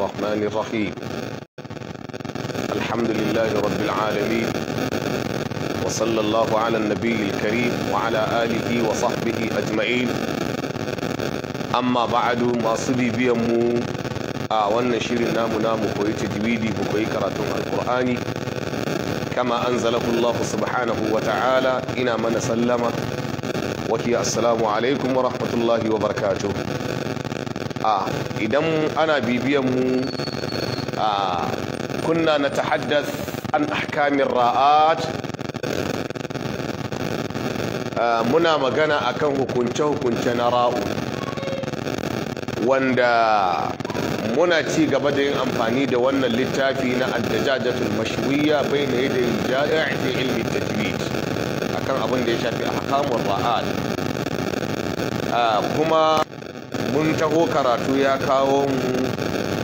الرحمن الرحيم الحمد لله رب العالمين وصلى الله على النبي الكريم وعلى آله وصحبه أجمعين أما بعد ما صدي بيمو أعوان آه، شرنا منا مكوي تجويدي مكوي كراتم القرآن كما أنزله الله سبحانه وتعالى إنا من سلم وكي السلام عليكم ورحمة الله وبركاته idan ana bibiyan mu a kunna na ta haddas an ahkamin ra'at muna magana akan hukunce-hukunce na ra'u wanda muna ci gaba da yin amfani da wannan littafi na addajajatul mashwiya bai na yadda yin ja'i cikin ilmi tajwid akan abin da ya shafi ahkamur ra'at kuma mun taho karatu ya kawo mu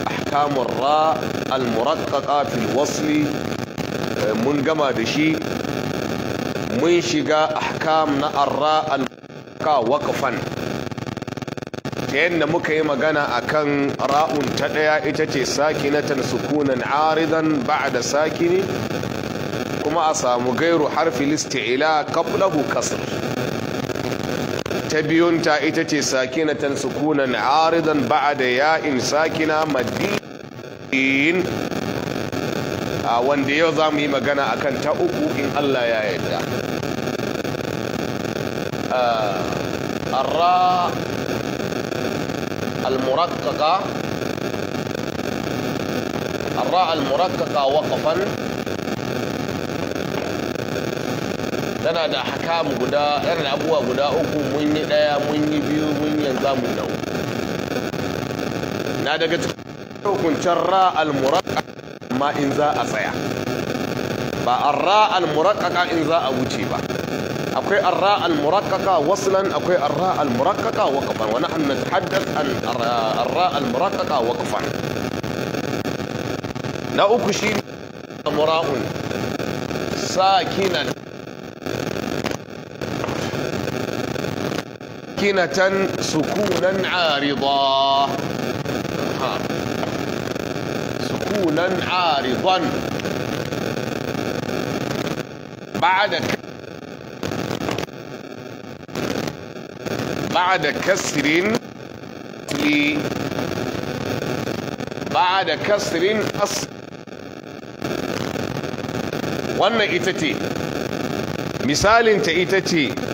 ahkamun ra al fil wasli eh, mun gama da shi mun shiga ahkam na arra al waqfan ta yadda muka yi magana akan ra'un ta ɗaya ita ce sakinatan sukunan aridan da sakini kuma a samu gairu harfi listi'ila qablahu kasr ta biyunta ita ce sakinatan sukunan aridan ba'da ya'in sakina madin a wanda yau za mu yi magana akan ta uku in Allah ya yarda arra المرققة al المرققة وقفا tana da mu guda yana da abubuwa guda uku mun yi ɗaya mun yi biyu mun yanzu mun da uku na daga cikin hukuncin ra al-muraqqaq amma in za a tsaya ba arra al-muraqqaqa in za a wuce ba akwai arra al-muraqqaqa waslan akwai arra al-muraqqaqa waqfan wa nahnu natahaddath an ra al-muraqqaqa waqfan na uku shi mura'un sakinan ساكنة سكونا عارضا ها. سكونا عارضا بعد بعد كسر بعد كسر أصل wannan إتتي مثال misalinta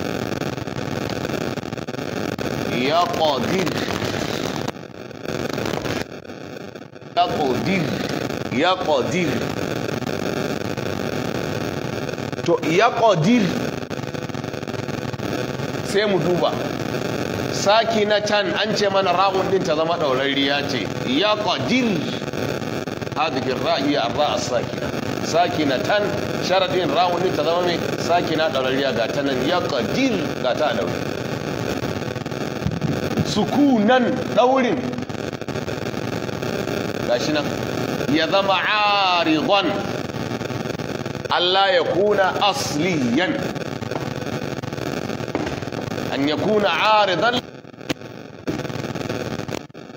يا قادر يا قادر يا قادر to ya qadir sai mu duba saki na can an ce mana ra'un din ta zama ɗaurariya ce ya qadir hadhihi ra'i ar-ra' as-sakina saki na tan sharadin ra'un din ta zama mai saki na ɗaurariya ga tanan ya qadir ga ta ɗaurariya sukunan ɗaurin gashi nan ya zama arizon Allah ya kuna asliyan an ya kuna arizon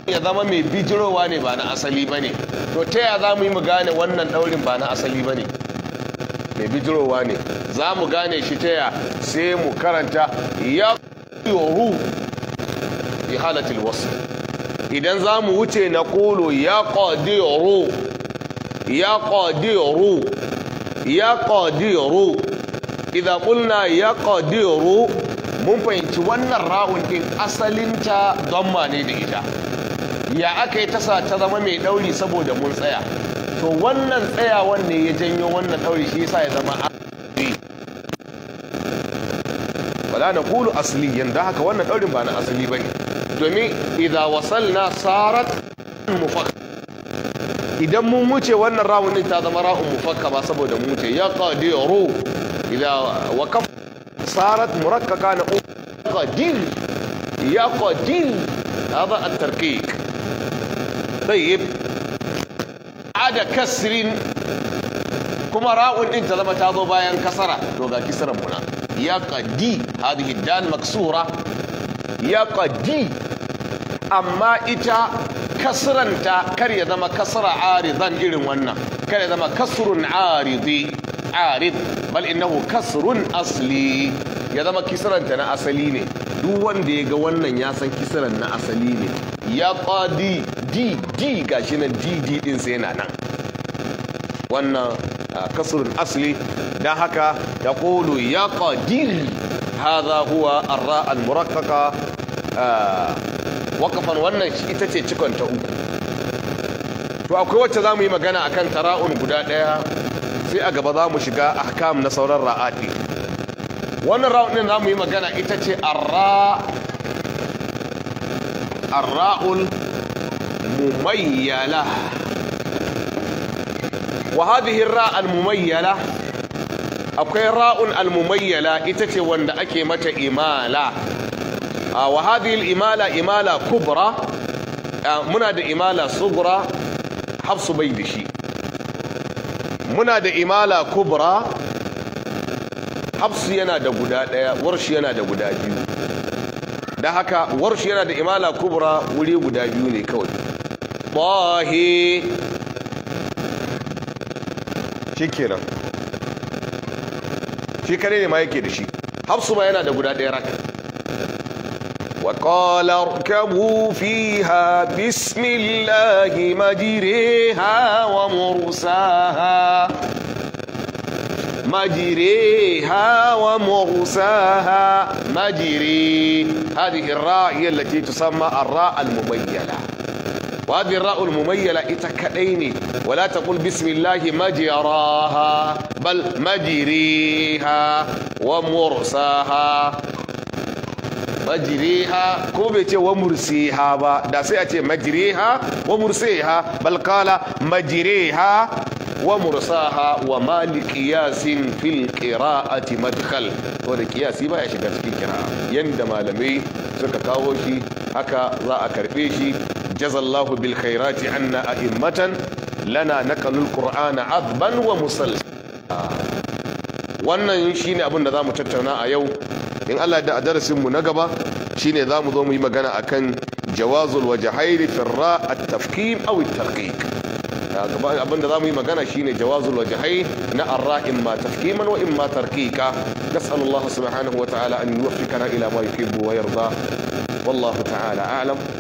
ya zama mai bijirowa ne ba na asali ba ne to ta ya za mu yi mu gane wannan ɗaurin ba na asali ba ne mai bijirowa ne za mu gane shi ta ya sai mu karanta ya yohu fi halatil wasu idan za mu wuce na kulu ya ƙadiru ya ƙadiru ya ƙadiru idan ƙulna ya ƙadiru mun fahimci wannan ra'un ɗin ta don ne da ita ya aka yi tasa ta zama mai ɗauri saboda mun tsaya to wannan tsayawan ne ya janyo wannan ɗauri shi yasa ya zama asali wala na kulu asali yanda haka wannan ɗaurin ba na asali ba ne دومي اذا وصلنا صارت مفك اذا مو موتي وانا راوني هذا مرا مفك ما سبب دموتي يا قدير اذا وقف صارت مركك انا قديم يا قديم هذا التركيك طيب عاد كسرين كما راون انت لما تاضو باين كسرة لو ذا كسرة منا يا قدي هذه الدال مكسورة ya ƙaddi amma ita kasranta kar ya zama kasra arizan irin wannan kar ya zama kasurun aridi arid bal innahu kasrun asli ya zama kisiranta na asali ne duk wanda ya ga wannan ya san kisiran na asali ne ya ƙadi di di gashi nan di di sai yana nan wannan ah, kasurun asli na haka ya ya ƙadiri hadha huwa arra al-murakkaka waqafan wannan ita ce cikon ta uku to akwai wacce zamu yi magana akan tara'un guda daya sai a gaba zamu shiga ahkam na sauran ra'ati wannan ra'un din zamu yi magana ita ce arra arra'ul mumayyala wa hadhihi arra al-mumayyala akwai ra'un almumayyala ita ce wanda ake mata imala wa hadhihi imala imala kubra muna da imala sugra hafsu bai da shi muna da imala kubra hafsu yana da guda daya warshi yana da guda biyu da haka warshi yana da imala kubra wuri guda biyu ne kawai bahi shikenan shi kare ne ma yake da shi hafsu ma yana da guda ɗaya rak wa qala irkabu fiha bismillahi majriha wa mursaha مجريها ومرساها مجري هذه الراء هي التي تسمى الراء المبينه wa hadhihi ra'ul mumayyala ita kadai ne wala taqul bismillahi majraha bal majriha wa mursaha majriha ko bai ce wa mursiha ba da sai a ce majriha wa mursiha bal qala majriha ومرساها وما لقياس في shiga مدخل والقياس ما يشغل في القراءة يندم لمي سكا كاوشي هكا لا أكربيشي جزا الله بالخيرات عنا أئمة لنا نقل القرآن عذبا ومسل وانا شيني أبو النظام تتعنا أيو إن الله دا أدرس منقبة شيني ذامو ذومو يمغانا أكن جواز الوجهين في الراء التفكيم أو الترقيق أبونا ذامو يمغانا شيني جواز الوجهين نا الراء إما تفكيما وإما ترقيقا نسأل الله سبحانه وتعالى أن يوفقنا إلى ما يحب ويرضى والله تعالى أعلم